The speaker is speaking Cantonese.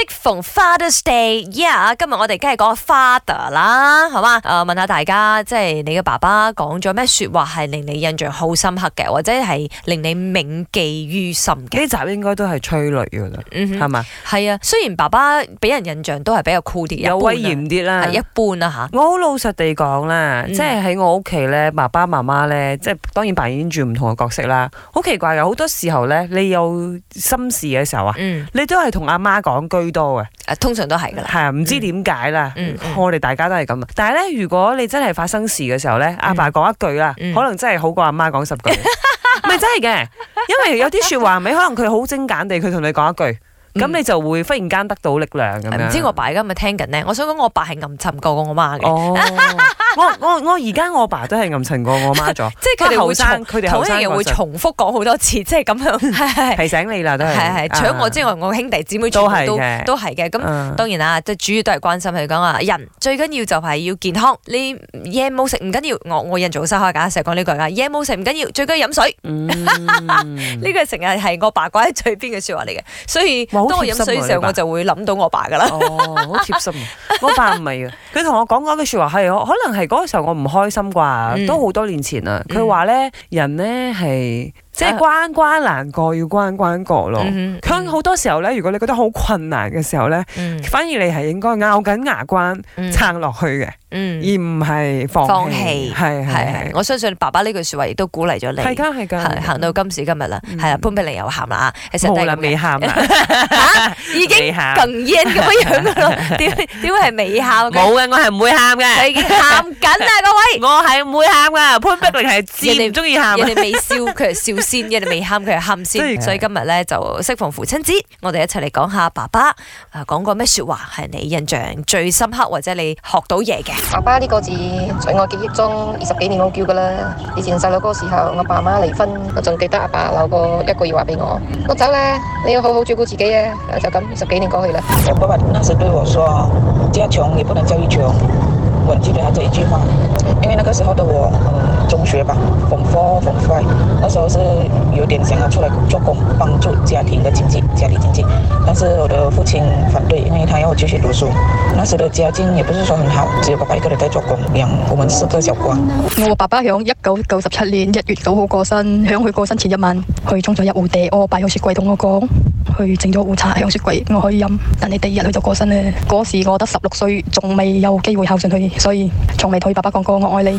即逢 Father's Day，yeah，今日我哋梗係講 father 啦，好嘛？誒、呃，問下大家，即係你嘅爸爸講咗咩說話係令你印象好深刻嘅，或者係令你銘記於心嘅？呢集應該都係催淚噶啦，係嘛、嗯哼？係吧啊，雖然爸爸俾人印象都係比較酷、cool，啲、啊，有威嚴啲啦，一般啦、啊、吓。我好老實地講啦，嗯、即係喺我屋企咧，爸爸媽媽咧，即係當然扮演住唔同嘅角色啦。好奇怪嘅，好多時候咧，你有心事嘅時候啊，嗯、你都係同阿媽講句。多嘅、啊，通常都係噶啦，係啊，唔知點解啦。嗯、我哋大家都係咁啊。但係咧，如果你真係發生事嘅時候咧，阿、嗯、爸講一句啦，嗯、可能真係好過阿媽講十句，咪 真係嘅。因為有啲說話尾，可能佢好精簡地，佢同你講一句，咁、嗯、你就會忽然間得到力量咁、嗯、樣。唔知我爸而家咪聽緊咧？我想講我爸係暗沉過，過我媽嘅。哦 我我我而家我爸都係暗沉過我媽咗，即係佢哋後生，佢哋後生一樣會重複講好多次，即係咁樣提醒你啦，都係，係係除咗我之外，我兄弟姊妹全部都都係嘅。咁當然啦，即主要都係關心佢講啊，人最緊要就係要健康。你夜冇食唔緊要，我我印象好深刻，成日講呢句噶夜冇食唔緊要，最緊要飲水。嗯，呢個成日係我爸掛喺嘴邊嘅說話嚟嘅，所以當我飲水嘅時候，我就會諗到我爸噶啦。哦，好貼心啊，我爸唔係佢同我講嗰句說話係，可能係嗰個時候我唔開心啩，嗯、都好多年前啦、啊。佢話咧，嗯、人咧，係。即係關關難過要關關過咯。佢好多時候咧，如果你覺得好困難嘅時候咧，反而你係應該咬緊牙關撐落去嘅，而唔係放棄。係係係，我相信爸爸呢句說話亦都鼓勵咗你。係噶係噶，行到今時今日啦，係啦，潘碧玲又喊啦啊，其實第未喊啊，已經哽咽咁樣樣咯。點點會係未喊？冇嘅，我係唔會喊嘅。已經喊緊啊，各位！我係唔會喊噶。潘碧玲係知人哋唔中意喊，人哋冇笑。先嘅 你未喊佢係喊先，對所以今日咧就適逢父親節，我哋一齊嚟講下爸爸啊，講過咩說話係你印象最深刻或者你學到嘢嘅。爸爸呢個字在我記憶中二十幾年冇叫噶啦，以前細佬哥嗰時候我爸媽離婚，我仲記得阿爸，爸留過一句要話俾我，我走啦，你要好好照顧自己啊，就咁，二十幾年過去啦。我爸爸那時對我說：家窮也不能叫一窮。我記得他這一句話，因為那個時候的我，嗯，中學吧，Form 4 Form 5，那時候是有點想要出來做工幫助家庭嘅經濟，家裏經濟，但是我的父親反對，因為他要我繼續讀書。那時的家境也不是說很好，只有爸爸一個人在做工養我們四個小孩。我,我爸爸響一九九七年一月九號過身，響佢過身前一晚，佢沖咗一壺茶，我擺好雪櫃同我講，去整咗壺茶響雪櫃，我可以飲，但係第二日佢就過身咧。嗰時我得十六歲，仲未有機會孝順佢。所以，從未同爸爸講過我愛你。